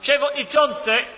Przewodniczący!